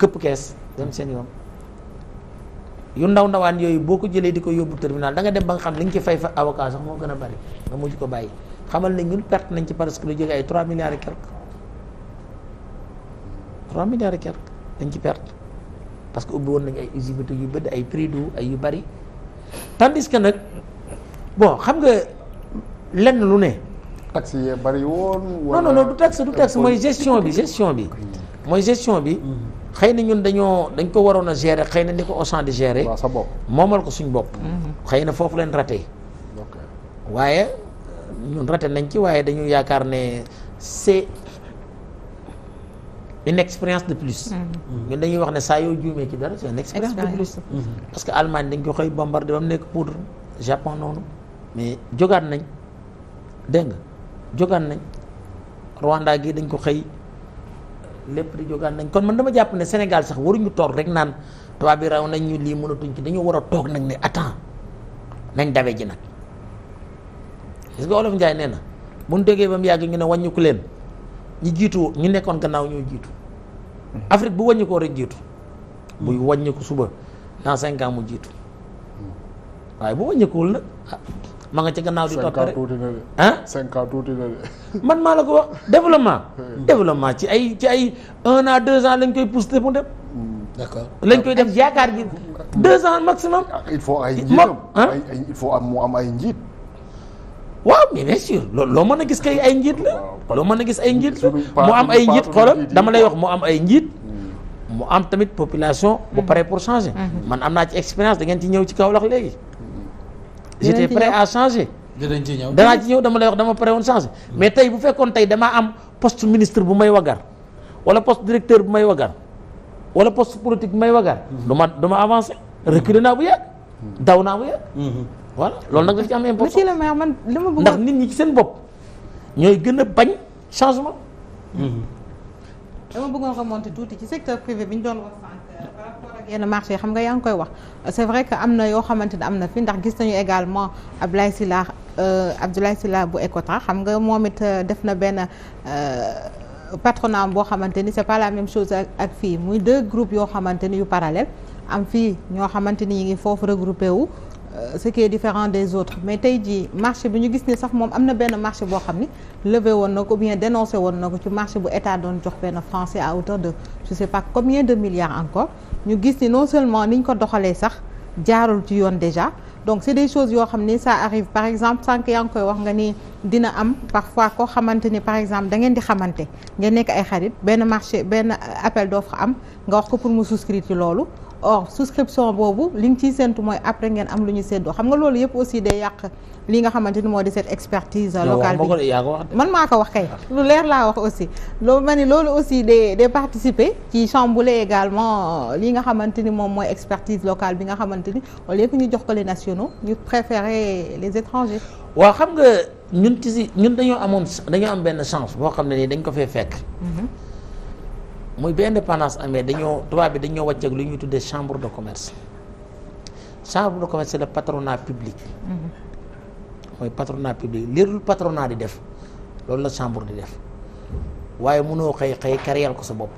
këpp kees dem seen yoon yu ndaw ndawaan yooyu boo ko jëlee di ko yóbbu tribunal da nga dem ba nga xam li nga ci fay fa avocat sax moo gën a bari nga mujj ko bàyyi xamal nañ ñun perte nañ ci parce que lu jóge ay 3 milliards et quelque milliards et dañ ci perte parce que ubbi woon nañ ay usibité yu bëri ay prix du ay yu bari tandis que nag bon xam nga lenn lu ne. taxe yee bari woon. non non du taxe du taxe mm-hmm. mooy gestion bi gestion bi. mooy gestion bi. xëy na ñun dañoo dañ ko waroon a gérer xëy na ni ko Auchan di gérer. moomal ko suñ bopp. Mhm. xëy na foofu leen raté. waaye ñun raté nañ ci waaye dañu yaakaar ne c'est une expérience de plus. Mhm. Mhm. ñun dañuy wax ne saa yoo juumee ci dara c'est une de plus. parce que Allemagne dañ ko xëy bombardé ba mu nekk poudre Japon noonu mais jogaat nañ dégg jogaat nañ Rwanda gi dañ ko xëy. lépp di jógaan nañ kon man dama jàpp ne Sénégal sax waruñu toog rek naan tubaab bi raw nañ ñu lii mënatuñ ci dañu war a toog nag ne attends nañ dawe ji nag gis nga olof Njaay nee na bu déggee ba mu yàgg ñu ne wàññiku leen ñi jiitu ñu nekkoon gannaaw ñoo jiitu hmm. Afrique bu wàññikoo rek jiitu buy wàññiku suba dans cinq ans mu jiitu hmm. waaye bu wàññikuwul nag ah, ma nga ca gannaaw di topp rek ah cinq ans tuuti na man maa la ko wax développement hmm. développement ci ay ci ay un an deux ans lañ koy pousser mu dem hmm. lañ koy def ah, yaakaar gi deux ans maximum ah, il faut ay njiitam il am mu am ay njiit waaw mais bien sûr loolu loo mën a gis kay ay njiit la loo mën a gis ay njiit la mu am ay njiit xoolal dama lay wax mu am ay njiit hmm. mu am tamit population bu pare pour changer man am naa ci expérience da ngeen ci ñëw ci Kaolack léegi j'étais prêt à changer. dinañ ci ñëw danaa ci ñëw dama lay wax dama pare woon changer. Hmm. mais tey bu fekkoon tey damaa am post ministre bu may wagar wala post directeur bu may wagar wala post politique bu may wagar. Hmm. du ma du ma avancé reculer naa bu yàgg. Hmm. daw naa bu yàgg. loolu nag daf ci am importance monsieur le maire man li ma bëgg ndax nit ñi ci seen bopp ñooy gën a bañ changement. dama bëggoon remonter tuuti ci secteur privé bi ñu doon wax. yenn marché xam nga yaa ngi koy wax c'est vrai que am na yoo xamante ne am na fi ndax gis nañu également Abdoulaye Sylla euh, Abdoulaye Sylla bu Ecotra xam nga moom it euh, def na benn euh, patronat boo xamante ni c'est pas la même chose ak fii muy deux groupes yoo xamante ni yu parallèle am fii ñoo xamante ni ñu ngi foofu regroupé wu ce qui est différent des autres mais tey jii marché bi ñu gis ni sax moom am na benn marché boo xam ni levé woon na ko ou bien woon na ko ci marché bu état doon jox benn français à hauteur de je sais pas combien ñu gis ni non seulement niñ ko doxalee sax jaarul ci yoon déjà donc c'est des choses yoo xam ni ça arrive par exemple sànq yaa ngi koy wax nga ni dina am par fois koo xamante ni par exemple dangeen di xamante ngeen nekk ay xarit benn marché benn appel d'offre am nga wax ko pour mu souscrire ci loolu or souscription boobu li nga ciy séntu mooy après ngeen am lu ñu seddoo xam nga loolu yëpp aussi day yàq li nga xamante ni moo di cette expertise locale bi man maa ko wax kay lu leer laa wax aussi loolu ma ni loolu aussi day day participer ci chambouler également euh, li nga xamante ni moom mooy expertise locale bi nga xamante ni au lieu que ñu jox ko les nationaux ñu préférer les étrangers waaw xam nga ñun si ñun dañoo amoon dañoo am benn chance boo xam ne nii dañ ko fee fekk mhm. muy bi indépendance amee dañoo tubaab bi dañoo wàcc ak lu ñuy tuddee chambre de commerce chambre de commerce la patrona patronat public. Mm-hmm. mooy patronat public li dul di def loolu la chambre di def waaye mënoo xëy xëy kariyal ko sa bopp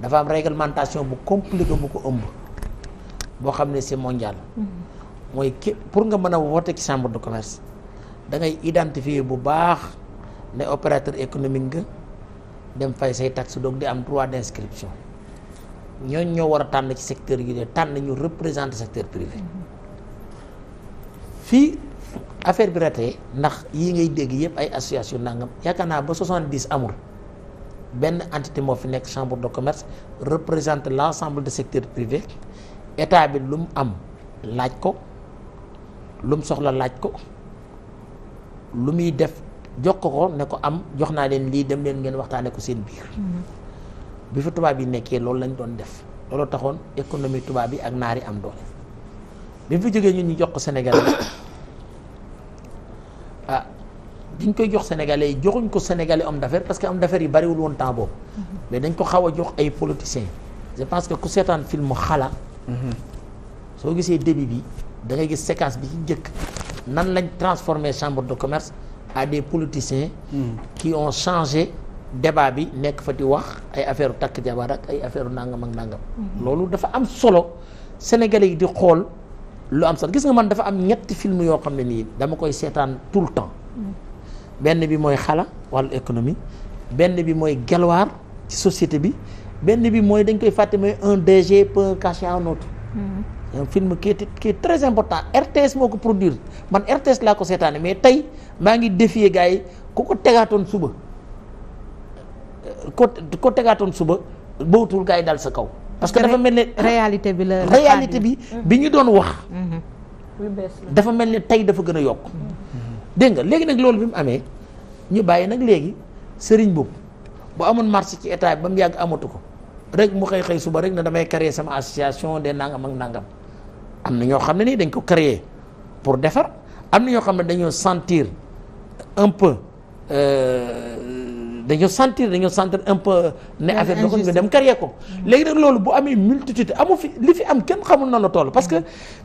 dafa am réglementation bu compliqué bu ko ëmb boo xam ne c'est mondial. Mm-hmm. mooy ki pour nga mën a woote ci chambre de commerce da ngay identifier bu baax ne opérateur économique nga. dem fay say taxes doog di am droit d'inscription ñooñ ñoo war a tànn ci secteur yi de tànn ñu représenter secteur privé fii affaire bi ratee ndax yi ngay dégg yëpp ay association nangam yaakaar naa ba soixante-dix amul benn entité moo fi nekk chambre de commerce représente l'ensemble de secteur privé état bi lu mu am laaj ko lu mu soxla laaj ko lu muy def jox ko ko ne ko am jox naa leen lii dem leen ngeen waxtaane ko seen biir mm-hmm. bi fa tubaab yi nekkee loolu lañ doon def looloo taxoon économie tubaab yi ak naar yi am doole bi mu fi jógee ñun ñu jox ko sénégalais ah biñ koy jox sénégalais yi joxuñ ko sénégalais homme d'affaires parce que homme d'affaires yi bariwul woon temps boobu mm-hmm. mais dañ ko xaw a jox ay politiciens je parce que ku seetaan film xala mm-hmm. soo gisee début bi dangay gis séquence bi ci njëkk nan lañ transformer chambre de commerce à des politiciens. qui ont changé débat bi nekk fa di wax ay affaire takk jabar ak ay affaire nangam ak nangam. Mhm. loolu dafa am solo sénégalais yi di xool lu am solo gis nga man dafa am ñetti film yoo xam ne nii dama koy seetaan tout le temps. Mhm. benn bi mooy xala wàllu économie benn bi mooy gelwaar ci société bi benn bi mooy dañ koy fàtte mooy un DG peut cacher un autre. Mhm. un film qui est qui très important RTS moo ko produir man RTS laa ko seetaane mais tey maa ngi défier gars yi ku ko tegaatoon suba ko ko tegaatoon suba bawutul gars daal sa kaw. parce que dafa mel ne réalité bi la réalité bi bi ñu doon wax. Mm-hmm. dafa mel ne tey dafa gën a yokk. Mm-hmm. dégg nga léegi nag loolu bi mu amee ñu bàyyi nag léegi sëriñ boobu bu amoon marché ci état ba mu yàgg amatu ko rek mu xëy xëy suba rek na damay créer sama association des nangam ak nangam. am na ñoo xam ne nii dañ ko créer pour defar am na ñoo xam ne dañoo sentir un peu euh, dañoo sentir dañoo sentir un peu ne affaire doxuñ dem créer ko léegi nag loolu bu amee multitude amu fi li fi am kenn xamul na la parce que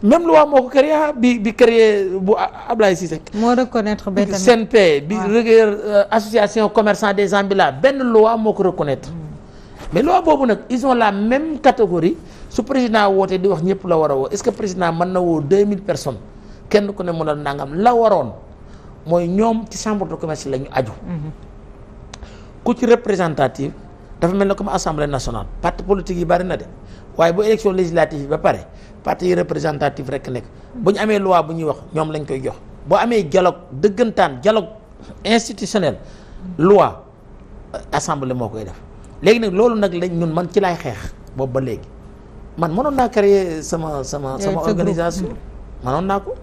même loi moo ko créé ah, bi bi créer bu Ablaye Cissé moo reconnaître benn CNP bi euh, association commerçant des ambulants benn loi moo ko reconnaître mm. mais loi boobu nag ils la même catégorie su président wootee di wax ñëpp la war a woo est-ce que président mën na woo 2000 personnes kenn ku ne mu la nangam la waroon mooy ñoom ci chambre de commerce la ñu aju. Mm-hmm. ku ci représentative dafa mel ne comme assemblée nationale parti politique yi bari na de waaye bu élection législative yi ba pare parti représentative rek nekk mm-hmm. bu ñu amee loi bu ñuy wax ñoom lañ koy jox boo amee dialogue dëggantaan dialogue institutionnel mm-hmm. loi assemblée moo koy def léegi nag loolu nag lañ ñun man ci laay xeex boobu ba léegi. man mënoon naa créer sama sama eh, sama organisation mënoon naa ko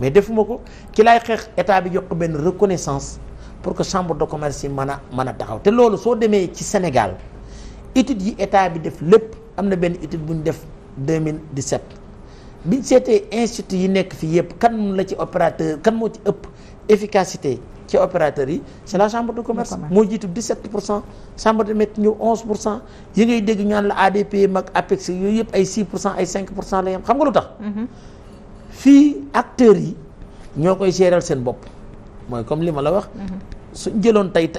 mais defuma ko ci laay xeex état bi jox ko benn reconnaissance pour que chambre de commerce yi mën a mën a taxaw te loolu soo demee ci Sénégal étude yi état bi def lépp am na benn étude bu ñu def 2017 biñ seetee institut yi nekk fii yëpp kan la ci opérateur kan moo ci ëpp efficacité ci opérateur yi c'est la chambre de commerce moo jiitu 17 pour cent chambre de métier ñëw 11 pour cent yi ngay dégg ñu naan la ADP mag APEX yooyu yëpp ay 6 pour cent ay 5 pour cent la yam xam nga lu tax mhm. fii acteurs yi ñoo koy gérer seen bopp li ma la wax mhm. suñ jëloon tey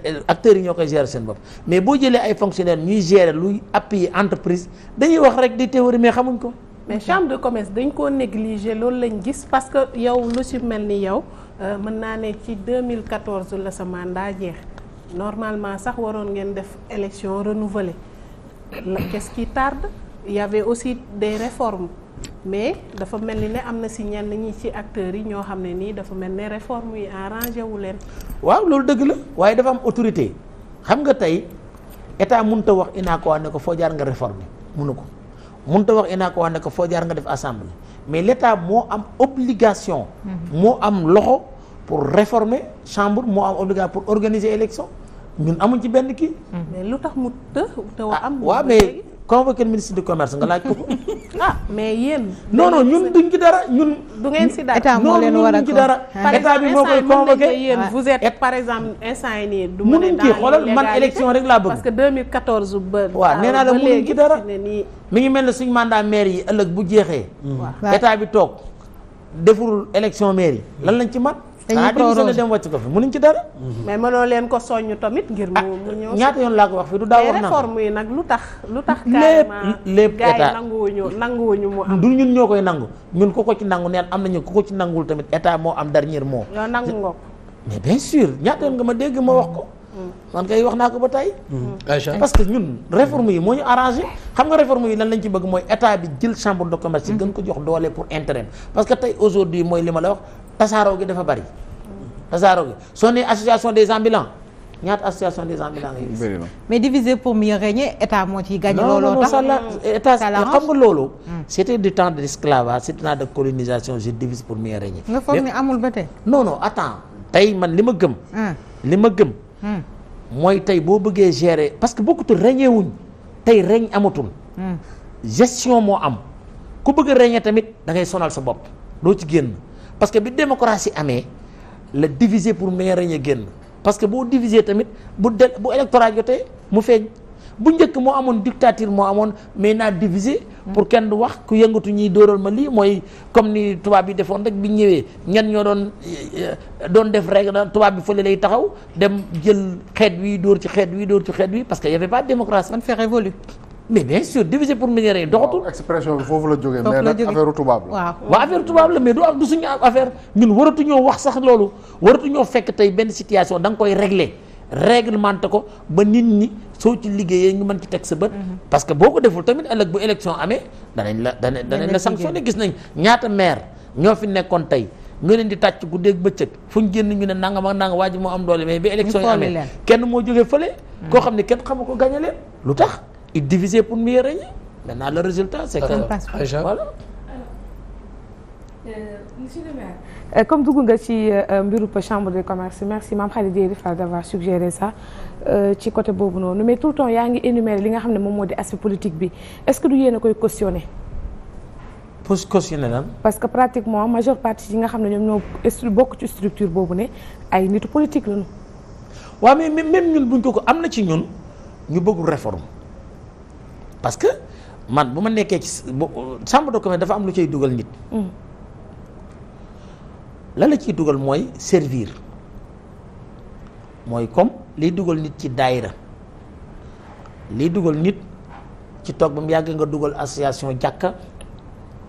yi ñoo koy gérer seen mais boo jëlee ay fonctionnaires ñuy gérer luy appuyer entreprise dañuy wax rek di théorie mais xamuñ ko mais chambre de commerce dañ koo négliger loolu lañ gis parce que lu si mel ni yow Euh, mën naa ne ci deux 2014 la sa mandat jeex normalement sax waroon ngeen def élection renouvelée la qu'est-ce qui tarde il aussi de réforme mais dafa mel ni ne am na si ñenn ñi ci acteurs yi ñoo xam ne nii dafa mel ne réforme yi arrangé wu leen. waaw loolu dëgg la waaye dafa am autorité xam nga tey état mun a wax INACO ne ko foo jaar nga réformer mënu ko mun ta wax INACO ne ko foo jaar nga def assemblée. mais l'État moo am obligation mm-hmm. moo am loxo pour réformer chambre moo am obligation pour organiser élection ñun amuñ ci benn kii mm-hmm. lu tax mu të te ah, am waaw mais convoqué le ministre du commerce nga laaj ko ah, mais yéen. non non ñun duñ ci dara ñun. du ngeen si dara état moo leen war a ko dara état bi moo koy convoqué yéen vous êtes par exemple instant yi nii. du ma ne xoolal man élection rek laa bëgg. parce que 2014 ba. waaw nee naa la mënuñ ci dara mi ngi mel na suñ mandat maire yi ëllëg bu jeexee. état bi toog deful élection maire yi lan lañ ci man dañuy prorogé dem wàcc ko fi mënuñ ci dara. mais mënoo leen ko soññu tamit ngir mu mu ñëw. ñaata yoon laa ko wax fii du daawoon na lu tax. lu tax carrément lépp état gars yi nanguwuñu nanguwuñu mu ñun ñoo koy nangu ñun ko ko ci nangu neen am nañu ku ko ci nangul tamit état moo am dernier mot. yow nangu nga ko. mais bien sûr ñaata yoon nga ma dégg ma wax ko. Mm. man kay wax naa ko ba tey. Mm. Mm. parce que ñun réforme yi moo ñu arrangé. xam nga réforme yi lan lañ ci bëgg mooy état bi jël chambre de commerce yi gën ko jox doole pour intérêt parce que tey aujourd'hui mooy li ma la wax tasaaroo gi dafa bari tasaaroo gi soo nee association des ambulants ñaat association des ambulants nga gis. mais diviser pour mieux régner état moo ciy gagné. looloo tax non xam nga loolu. Hmm. c'était du temps de l'esclavage c'était du temps de colonisation je divise pour mieux régner. nga foog ni amul ba tey. non non tey man li ma gëm. Hmm. li ma gëm. Hmm. mooy tey boo bëggee gérer parce que bokkutul régner wuñ tey règne amatul. gestion moo am ku bëgg a tamit da ngay sonal sa bopp loo ci génn. parce que bi démocratie amee la diviser pour mais mieux régner génn parce que boo diviser tamit bu de bu électorat jotee mu fee bu njëkk moo amoon dictature moo amoon mais naa diviser pour kenn du wax ku yëngatu ñuy dóoral ma lii mooy comme ni tubaab bi defoon rek bi ñëwee ñan ñoo doon euh, doon def rek tubaab bi fole lay taxaw dem jël xeet wi dóor ci xeet wi dóor ci xeet wi parce que y avait pas de démocratie. on fait révolu mais bien sûr diviser pour minerais yi doxatul. expression bi foofu la jógee. mais nag affaire tubaab la. waaw affaire tubaab la mais affaire ñun waratuñoo wax sax loolu waratu waratuñoo fekk tey benn situation danga nga koy régler réglementé ko ba nit ñi soo ci liggéeyee ñu mën ci teg sa bët. Mhm. parce que boo ko deful tamit ëllëg bu élection amee danañ la danañ danañ la sanctionné gis nañ ñaata maire ñoo fi nekkoon tey. nga leen di tàcc guddeeg bëccëg fu ñu génn ñu ne nangam ak nangam waa ji moo am doole mais bi élection yi amee kenn moo jógee fële. Mhm. koo xam ne kenn xamu ko gagné lu tax. il divisait pour mieux régner maintenant le résultat c'est que euh, euh, comme dugg nga ci euh, mbiru chambre de commerce merci Mame Khady Diéry Fall d'avoir suggéré ça ci côté boobu noonu mais tout le temps yaa ngi énumérer li nga xam ne moom moo di aspect politique bi est-ce que du yéen a koy cautionner pour cautionner lan parce que pratiquement majeure partie yi nga xam ne ñoom ñoo bokk ci structure boobu ne ay nitu politique lañu waaw mais même ñun buñ ko ko am na ci ñun ñu bëgg parce que man bu ma nekkee ci chambre de commerce dafa am lu cay dugal nit. Mm. la ciy dugal mooy servir mooy comme liy dugal nit ci daayira liy dugal nit ci toog ba mu yàgg nga dugal association jàkka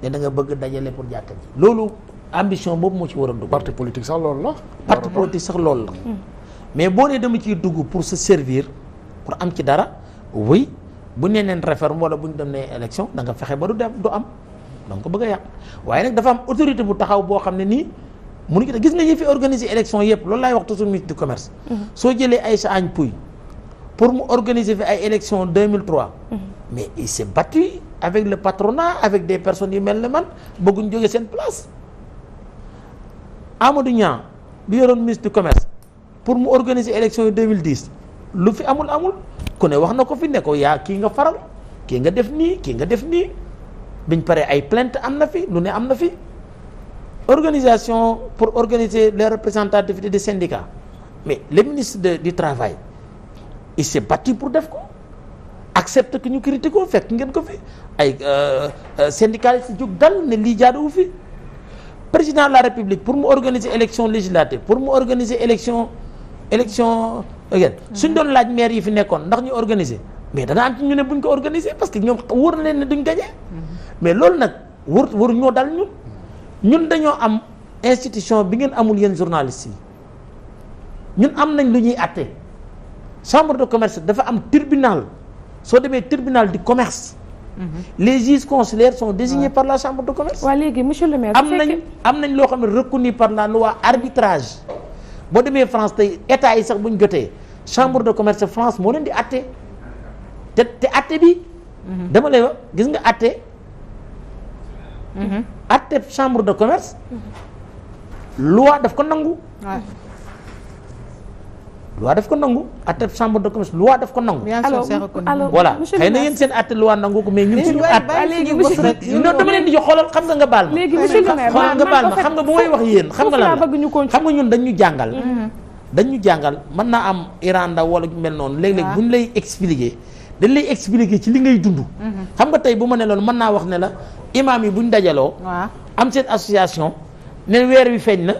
ne da nga bëgg dajale pour jàkka ji loolu ambition boobu moo ci war a dugg. parti politique sax loolu la. parti politique sax lool la. Mm. mais boo nee dama ciy dugg pour sa servir pour am ci dara oui. bu nee leen réforme wala bu ñu dem nee élection da nga fexe ba du dem du am donc ko bëgg a yàq waaye nag dafa am autorité bu taxaw boo xam ne nii mu mënuñu ko gis nga ñu fi organiser élection yëpp loolu laay wax toujours ministre du commerce. Mhm. soo jëlee Aïssa Agne Pouy pour mu organiser fi ay élection 2003. Mhm. mais il s'est battu avec le patronat avec des personnes yu mel ne man bëgguñ jóge seen place Amadou Niang bi yoroon ministre du commerce pour mu organiser élection yi 2010. lu fi amul amul ku ne wax na ko fi ne yaa kii nga faral kii nga def nii kii nga def nii biñ pare ay plainte am na fi lu ne am na fi organisation pour organiser les représentativités des syndicats mais le ministre de du travail il s'est battu pour def ko accepte que ñu critique ko fekk ngeen ko fi ay euh, euh, syndicalistes jóg dal ne lii jaaduwu fi président de la république pour mu organiser élection législative pour mu organiser élection élection dégg mm-hmm. suñ doon laaj maire yi fi nekkoon ndax ñu organiser mais dana am ci ñu ne buñ ko organiser parce que ñoom wóor na leen duñ gañee mm-hmm. mais loolu nag wër wër ñoo dal ñun mm-hmm. ñun dañoo am institution bi ngeen amul yéen journalistes yi ñun am nañ lu ñuy àtte chambre de commerce dafa am tribunal soo demee tribunal du commerce les juges consulaires sont désignés par la chambre de commerce. le maire. am nañ am nañ loo xam ne reconnu par la loi arbitrage. boo demee France tey état yi sax bu ñu jotee chambre de commerce France moo leen di atte te te atte bi. Mhm. dama lay wax gis nga atte. Mhm. atte chambre de commerce. Mhm. loi daf ko nangu. loi daf ko nangu atte chambre de commerce loi daf ko nangu. voilà xëy na yéen seen atte loi nangu ko mais ñun suñu atte. non dama leen di jox xoolal xam nga nga baal ma. léegi monsieur le maire xoolal nga baal ma xam nga bu may wax yéen. xam nga lan la xam nga ñun dañu jàngal. man mm-hmm. naa am iranda wala mel noonu. léeg-léeg buñ lay expliquer. dañ lay expliquer ci li ngay dund. Mm-hmm. xam nga tey bu ma ne loolu mën naa wax ne la imaam yi buñ dajaloo. am seen association ne weer wi feeñ na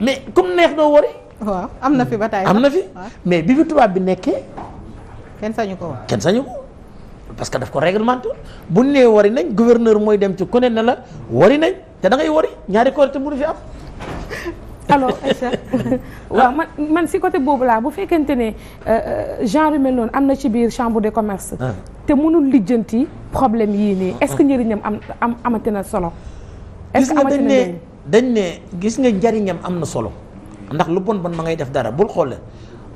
mais comme neex doo wari waaw am na fi ba taay am na fi mais bi fi tubaab bi nekkee. kenn sañu ko wax kenn sañu ko parce que daf ko réglementé bu nee wari nañ gouverneur mooy dem ci ku ne ne la wari nañ te da ngay wari ñaari korité mënu fi am. alors Aïcha waaw man man si côté boobu laa bu fekkente ne euh, euh, genre yu mel noonu am na ci biir chambre de commerce. Ah. te mënul lijjanti problème yii nii. est-ce que ah. njëriñam am am amati na solo. est-ce que dañ ne dañ ne gis nga njëriñam am na solo. ndax lu bon bon ma ngay def dara bul xool leen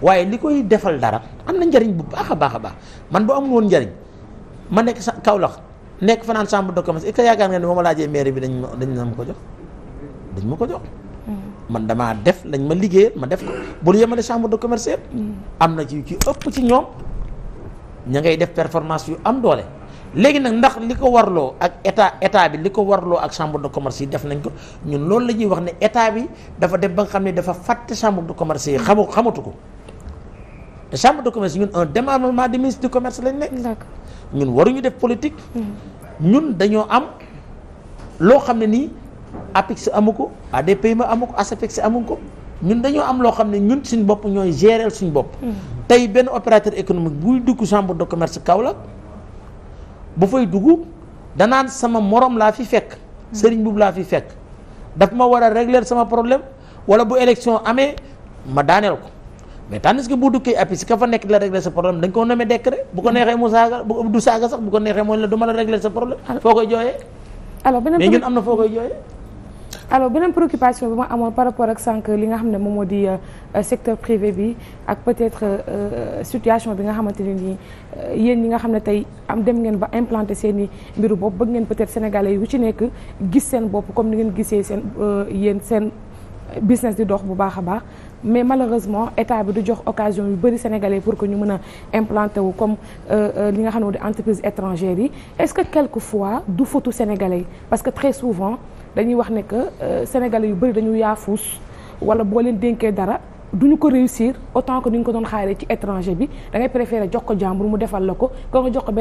waaye li koy defal dara am na njariñ bu baax a baax a baax man bu amul woon njariñ ma nekk sa Kaolack nekk fanaan chambre de commerce est-ce que yaakaar nga ne mooma laajee maire bi dañ ma dañ ma ko jox dañ ma ko jox hmm. man damaa def lañ ma liggéeyal ma def ko bu ñu yemale chambre de commerce hmm. am na ci ci ëpp ci ñoom ña ngay def performance yu am doole léegi nag ndax li ko warloo ak état état bi li ko warloo ak chambre de commerce yi def nañ ko ñun loolu la ñuy wax ne état bi dafa def ba nga xam ne dafa fàtte chambre de commerce yi xamu xamatu ko te chambre de commerce ñun un démembrement du ministre du commerce lañ nekk. ñun waruñu def politique. Hmm. ñun dañoo am loo xam ne nii APIX amu ko ADPME amu ko ASEPEX amu ko. ñun dañoo am loo xam ne ñun suñ bopp ñooy gérer suñ bopp. Hmm. tey benn opérateur économique buy dugg chambre de commerce Kaolack. bu fay dugg danaan sama morom laa fi fekk sëriñ boobu laa fi fekk daf ma war a régler sama problème wala bu élection amee ma daaneel ko mais tandis que bu dukkee appi si ka fa nekk di la régler sa problème koo ko nommé décret bu ko neexee mu saaga du saaga sax bu ko neexee mooy la du ma la régler sa problème foo koy jooyee alors mais ñun am na foo koy jooyee alors beneen préoccupation bi ma amoon par rapport ak sànq li nga xam ne moom moo di euh, secteur privé bi ak peut-être euh, euh, situation bi nga xamante ne nii yéen ñi nga xam ne tey am dem ngeen ba implanté seen i mbiru bopp bëgg ngeen peut-être sénégalais yi wu ci nekk gis seen bopp comme ni ngeen gisee seen yéen seen business dox bu baax a baax mais malheureusement état du jox occasion yu bëri sénégalais pour que ñu mën a implanté wu comme li nga xam ne di entreprise étrangère yi est-ce que fois du fautu sénégalais parce que très souvent. dañuy wax ne que euh, sénégalais yu bëri dañu yaafuus wala boo leen dénkee dara duñu ko réussir autant que ni ñu ko doon xaaree ci étranger bi da ngay préférer jox ko jàmbur mu defal la ko ko nga jox ko